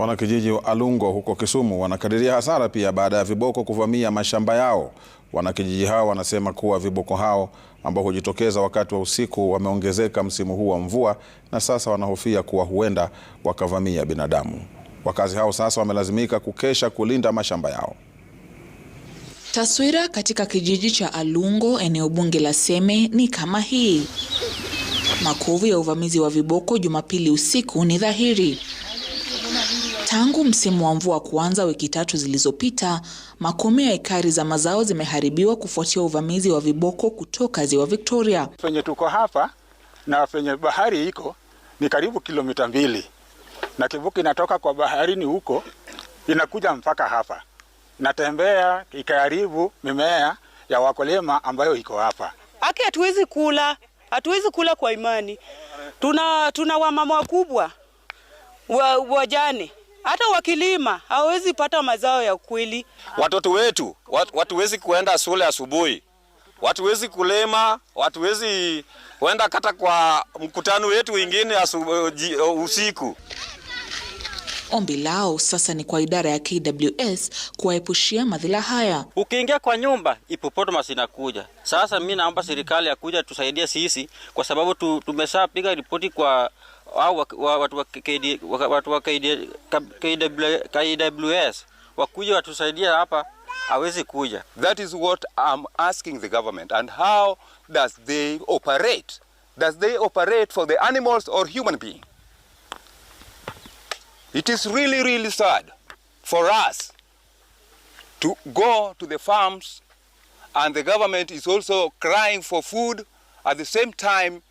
Wanakijiji wa Alungo huko Kisumu wanakadiria hasara pia baada ya viboko kuvamia mashamba yao. Wanakijiji hao wanasema kuwa viboko hao ambao hujitokeza wakati wa usiku wameongezeka msimu huu wa mvua na sasa wanahofia kuwa huenda wakavamia binadamu. Wakazi hao sasa wamelazimika kukesha kulinda mashamba yao. Taswira katika kijiji cha Alungo, eneo bunge la Seme, ni kama hii. Makovu ya uvamizi wa viboko Jumapili usiku ni dhahiri. Tangu msimu wa mvua kuanza wiki tatu zilizopita, makumi ya ekari za mazao zimeharibiwa kufuatia uvamizi wa viboko kutoka ziwa Victoria. Penye tuko hapa na penye bahari iko ni karibu kilomita mbili, na kivuko inatoka kwa baharini huko inakuja mpaka hapa, natembea ikaharibu mimea ya wakulima ambayo iko hapa. Aki hatuwezi kula, hatuwezi kula kwa imani, tuna tuna wamama wakubwa wajane wa hata wakilima hawawezi pata mazao ya kweli. Watoto wetu watuwezi kuenda shule asubuhi, watuwezi kulima, watuwezi kuenda kata kwa mkutano wetu wengine eh, eh, usiku. Ombi lao sasa ni kwa idara ya KWS kuwaepushia madhila haya. Ukiingia kwa nyumba ipopotomas inakuja. Sasa mi naomba serikali ya kuja tusaidie sisi, kwa sababu tumeshapiga ripoti kwa au watu wa KWS wakuja watusaidia hapa, hawezi kuja. That is what I'm asking the government and how does they operate? Does they operate for the animals or human being? It is really really sad for us to go to the farms and the government is also crying for food at the same time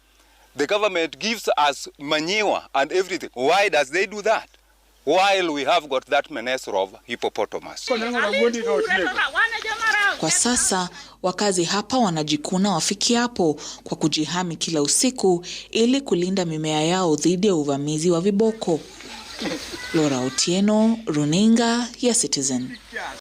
The government gives us manure and everything. Why does they do that? While we have got that menace of hippopotamus. Kwa sasa wakazi hapa wanajikuna wafikiapo kwa kujihami kila usiku ili kulinda mimea yao dhidi ya uvamizi wa viboko. Laura Otieno, Runinga ya Citizen.